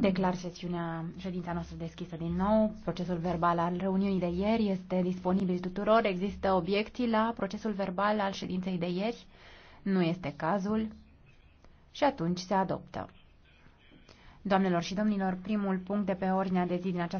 Declar sesiunea, ședința noastră deschisă din nou. Procesul verbal al reuniunii de ieri este disponibil tuturor. Există obiecții la procesul verbal al ședinței de ieri? Nu este cazul. Și atunci se adoptă. Doamnelor și domnilor, primul punct de pe ordinea de zi din această